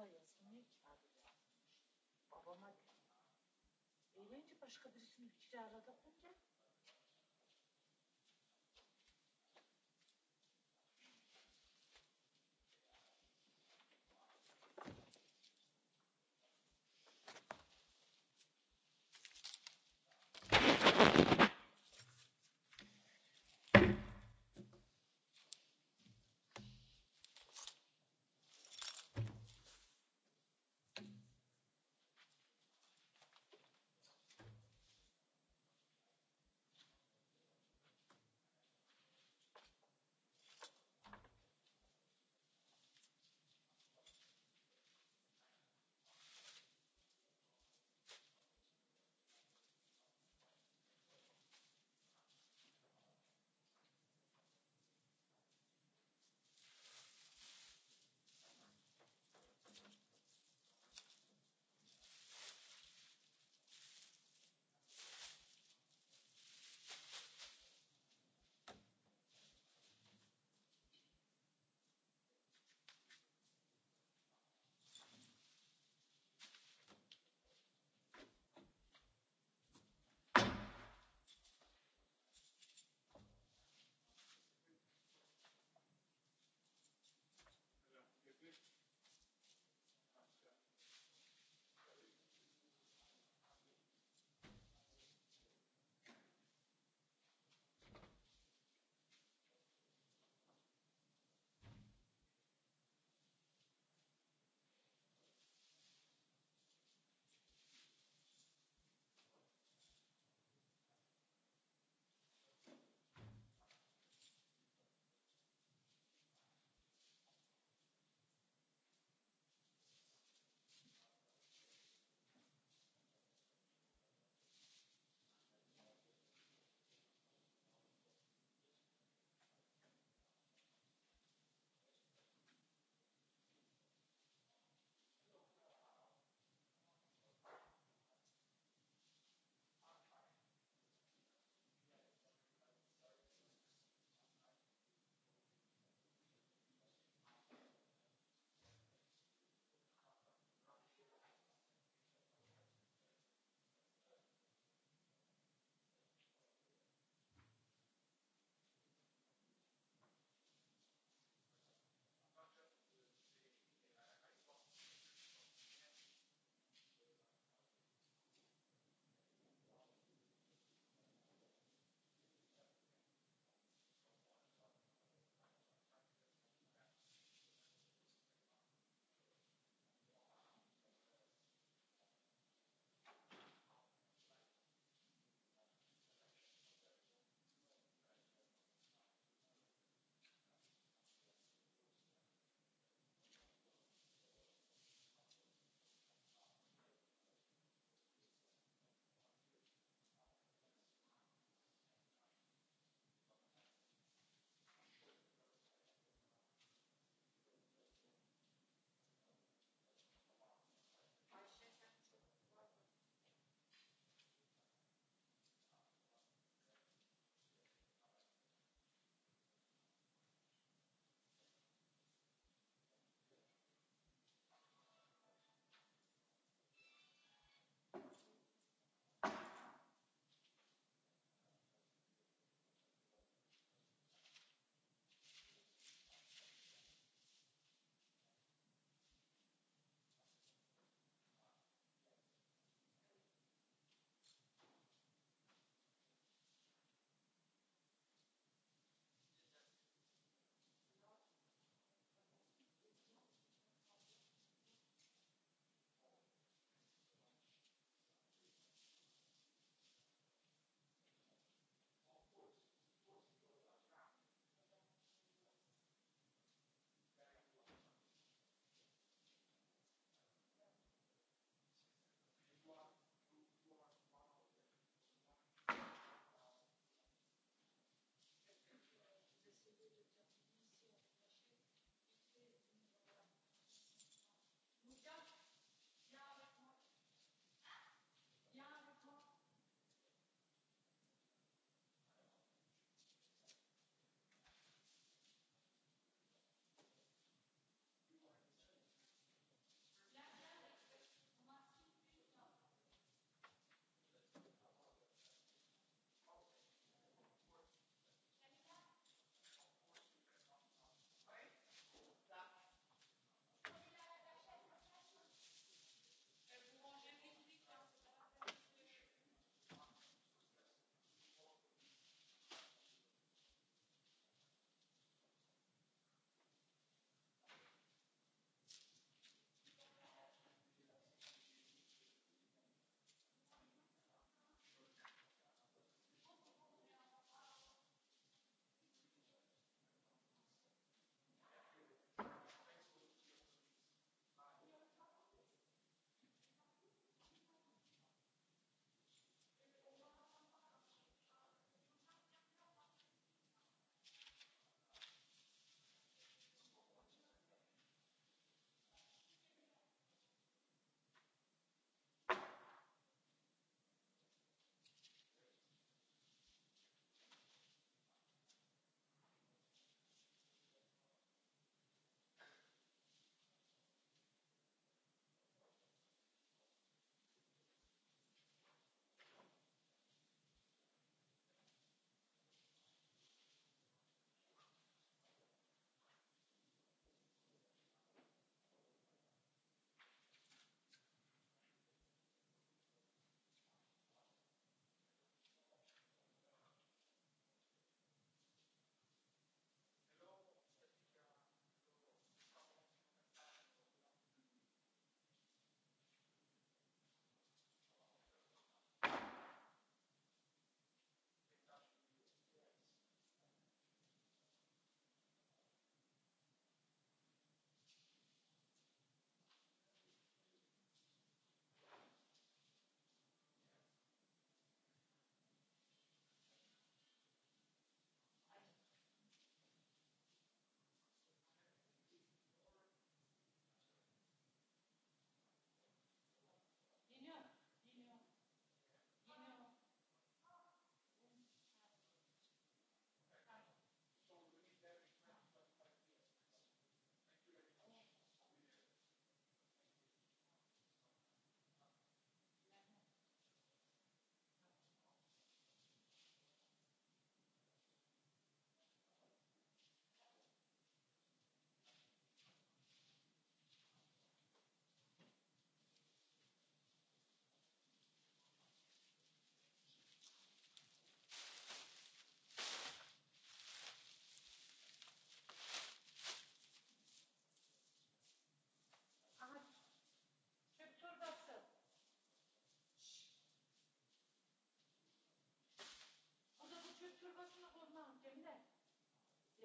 dayasını kiraladı. Babama dedi. Evlenince başka birisini kiralada bulunca